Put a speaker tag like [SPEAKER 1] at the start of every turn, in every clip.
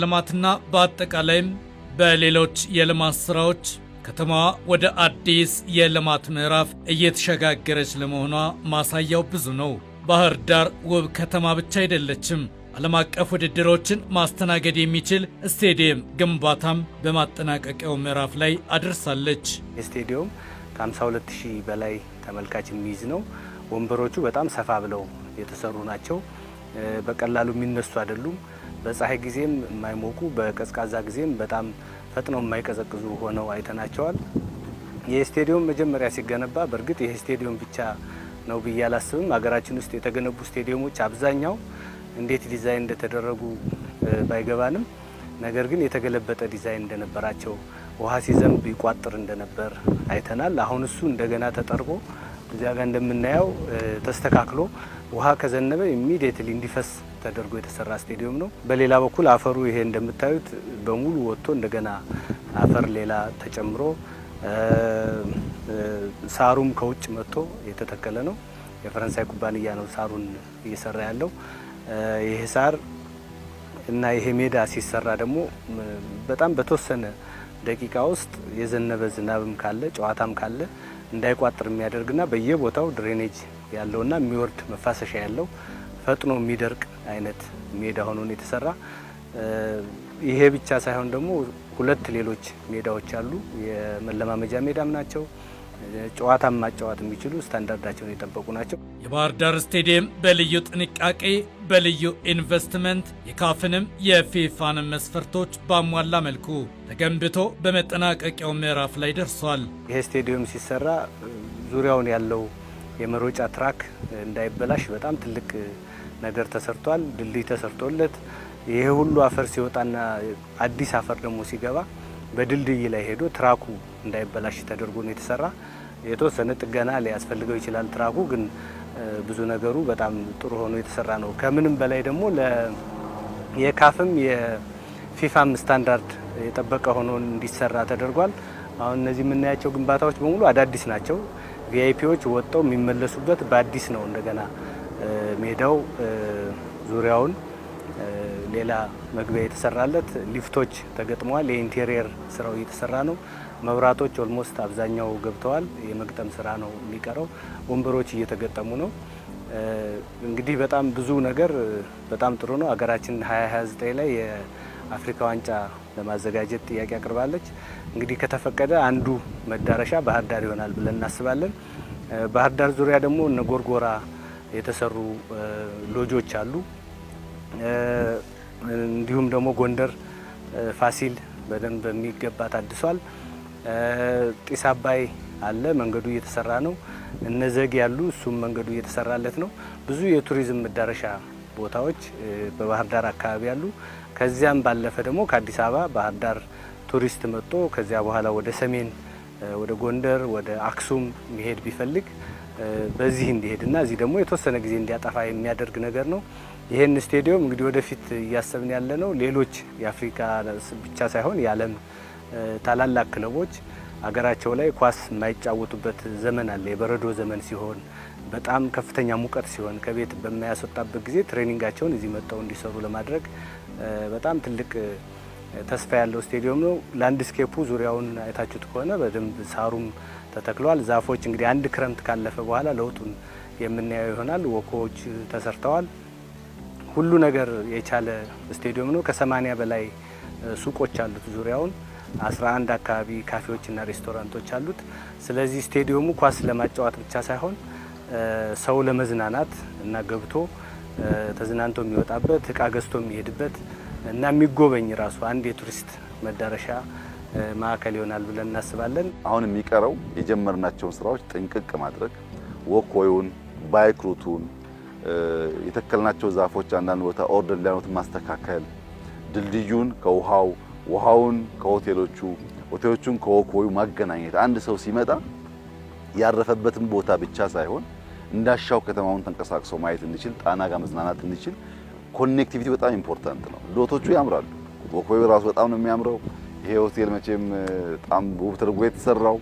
[SPEAKER 1] ልማትና በአጠቃላይም በሌሎች የልማት ስራዎች ከተማዋ ወደ አዲስ የልማት ምዕራፍ እየተሸጋገረች ለመሆኗ ማሳያው ብዙ ነው። ባህር ዳር ውብ ከተማ ብቻ አይደለችም። ዓለም አቀፍ ውድድሮችን ማስተናገድ የሚችል ስቴዲየም ግንባታም በማጠናቀቂያው ምዕራፍ ላይ አድርሳለች።
[SPEAKER 2] ስቴዲየም ከ52 ሺህ በላይ ተመልካች የሚይዝ ነው። ወንበሮቹ በጣም ሰፋ ብለው የተሰሩ ናቸው። በቀላሉ የሚነሱ አይደሉም። በፀሐይ ጊዜም የማይሞቁ በቀዝቃዛ ጊዜም በጣም ፈጥነው የማይቀዘቅዙ ሆነው አይተናቸዋል። ይህ ስቴዲየም መጀመሪያ ሲገነባ በእርግጥ ይህ ስቴዲየም ብቻ ነው ብዬ አላስብም። ሀገራችን ውስጥ የተገነቡ ስቴዲየሞች አብዛኛው እንዴት ዲዛይን እንደተደረጉ ባይገባንም ነገር ግን የተገለበጠ ዲዛይን እንደነበራቸው ውሃ ሲዘንብ ይቋጥር እንደነበር አይተናል። አሁን እሱ እንደገና ተጠርቦ እዚያ ጋር እንደምናየው ተስተካክሎ ውሃ ከዘነበ ኢሚዲየትሊ እንዲፈስ ተደርጎ የተሰራ ስቴዲየም ነው። በሌላ በኩል አፈሩ ይሄ እንደምታዩት በሙሉ ወጥቶ እንደገና አፈር ሌላ ተጨምሮ ሳሩም ከውጭ መጥቶ የተተከለ ነው። የፈረንሳይ ኩባንያ ነው ሳሩን እየሰራ ያለው። ይሄ ሳር እና ይሄ ሜዳ ሲሰራ ደግሞ በጣም በተወሰነ ደቂቃ ውስጥ የዘነበ ዝናብም ካለ ጨዋታም ካለ እንዳይቋጥር የሚያደርግና በየቦታው ድሬኔጅ ያለውና የሚወርድ መፋሰሻ ያለው ፈጥኖ የሚደርቅ አይነት ሜዳ ሆኖ ነው የተሰራ። ይሄ ብቻ ሳይሆን ደግሞ ሁለት ሌሎች ሜዳዎች አሉ። የመለማመጃ ሜዳም ናቸው። ጨዋታ ማጫወት የሚችሉ ስታንዳርዳቸውን የጠበቁ ናቸው።
[SPEAKER 1] የባህር ዳር ስቴዲየም በልዩ ጥንቃቄ በልዩ ኢንቨስትመንት የካፍንም የፊፋንም መስፈርቶች ባሟላ መልኩ ተገንብቶ በመጠናቀቂያው ምዕራፍ ላይ ደርሷል።
[SPEAKER 2] ይሄ ስቴዲየም ሲሰራ ዙሪያውን ያለው የመሮጫ ትራክ እንዳይበላሽ በጣም ትልቅ ነገር ተሰርቷል። ድልድይ ተሰርቶለት ይሄ ሁሉ አፈር ሲወጣና አዲስ አፈር ደግሞ ሲገባ በድልድይ ላይ ሄዶ ትራኩ እንዳይበላሽ ተደርጎ ነው የተሰራ። የተወሰነ ጥገና ሊያስፈልገው ይችላል ትራኩ ግን ብዙ ነገሩ በጣም ጥሩ ሆኖ የተሰራ ነው። ከምንም በላይ ደግሞ የካፍም የፊፋም ስታንዳርድ የጠበቀ ሆኖ እንዲሰራ ተደርጓል። አሁን እነዚህ የምናያቸው ግንባታዎች በሙሉ አዳዲስ ናቸው። ቪአይፒዎች ወጥተው የሚመለሱበት በአዲስ ነው። እንደገና ሜዳው ዙሪያውን ሌላ መግቢያ የተሰራለት ሊፍቶች ተገጥመዋል። የኢንቴሪየር ስራው እየተሰራ ነው። መብራቶች ኦልሞስት አብዛኛው ገብተዋል። የመግጠም ስራ ነው የሚቀረው። ወንበሮች እየተገጠሙ ነው። እንግዲህ በጣም ብዙ ነገር በጣም ጥሩ ነው። ሀገራችን 2029 ላይ የአፍሪካ ዋንጫ ለማዘጋጀት ጥያቄ አቅርባለች። እንግዲህ ከተፈቀደ አንዱ መዳረሻ ባህር ዳር ይሆናል ብለን እናስባለን። ባህር ዳር ዙሪያ ደግሞ እነ ጎርጎራ የተሰሩ ሎጆች አሉ። እንዲሁም ደግሞ ጎንደር ፋሲል በደንብ በሚገባ ታድሷል። ጢስ አባይ አለ፣ መንገዱ እየተሰራ ነው። እነዘግ ያሉ እሱም መንገዱ እየተሰራለት ነው። ብዙ የቱሪዝም መዳረሻ ቦታዎች በባህር ዳር አካባቢ ያሉ፣ ከዚያም ባለፈ ደግሞ ከአዲስ አበባ ባህር ዳር ቱሪስት መጥቶ ከዚያ በኋላ ወደ ሰሜን ወደ ጎንደር ወደ አክሱም መሄድ ቢፈልግ በዚህ እንዲሄድና እዚህ ደግሞ የተወሰነ ጊዜ እንዲያጠፋ የሚያደርግ ነገር ነው። ይህን ስቴዲየም እንግዲህ ወደፊት እያሰብን ያለ ነው። ሌሎች የአፍሪካ ብቻ ሳይሆን የዓለም ታላላቅ ክለቦች አገራቸው ላይ ኳስ የማይጫወቱበት ዘመን አለ። የበረዶ ዘመን ሲሆን በጣም ከፍተኛ ሙቀት ሲሆን ከቤት በማያስወጣበት ጊዜ ትሬኒንጋቸውን እዚህ መጥተው እንዲሰሩ ለማድረግ በጣም ትልቅ ተስፋ ያለው ስቴዲየም ነው። ላንድስኬፑ ዙሪያውን አይታችሁት ከሆነ በደንብ ሳሩም ተተክሏል። ዛፎች እንግዲህ አንድ ክረምት ካለፈ በኋላ ለውጡን የምናየው ይሆናል። ወኮዎች ተሰርተዋል። ሁሉ ነገር የቻለ ስቴዲየም ነው። ከሰማኒያ በላይ ሱቆች አሉት ዙሪያውን 11 አካባቢ ካፌዎችና ሬስቶራንቶች አሉት። ስለዚህ ስቴዲየሙ ኳስ ለማጫወት ብቻ ሳይሆን ሰው ለመዝናናት እና ገብቶ ተዝናንቶ የሚወጣበት እቃ ገዝቶ የሚሄድበት እና የሚጎበኝ ራሱ አንድ የቱሪስት መዳረሻ ማዕከል ይሆናል ብለን እናስባለን።
[SPEAKER 3] አሁን የሚቀረው የጀመርናቸውን ስራዎች ጥንቅቅ ማድረግ ወኮዩን፣ ባይክሩቱን የተከልናቸው ዛፎች አንዳንድ ቦታ ኦርደር ሊያኖት ማስተካከል፣ ድልድዩን ከውሃው ውሃውን ከሆቴሎቹ ሆቴሎቹን ከወክወዩ ማገናኘት አንድ ሰው ሲመጣ ያረፈበትን ቦታ ብቻ ሳይሆን እንዳሻው ከተማውን ተንቀሳቅሶ ማየት እንዲችል ጣና ጋር መዝናናት እንዲችል ኮኔክቲቪቲ በጣም ኢምፖርታንት ነው። ሎቶቹ ያምራሉ። ወክወዩ ራሱ በጣም ነው የሚያምረው። ይሄ ሆቴል መቼም በጣም ውብ ተደርጎ የተሰራው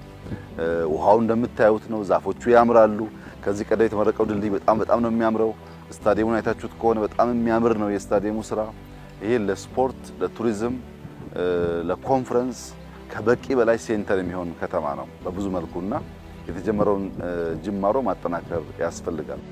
[SPEAKER 3] ውሃው እንደምታዩት ነው። ዛፎቹ ያምራሉ። ከዚህ ቀደም የተመረቀው ድልድይ በጣም በጣም ነው የሚያምረው። ስታዲየሙን አይታችሁት ከሆነ በጣም የሚያምር ነው የስታዲየሙ ስራ። ይሄ ለስፖርት ለቱሪዝም ለኮንፈረንስ ከበቂ በላይ ሴንተር የሚሆን ከተማ ነው በብዙ መልኩና የተጀመረውን ጅማሮ ማጠናከር ያስፈልጋል።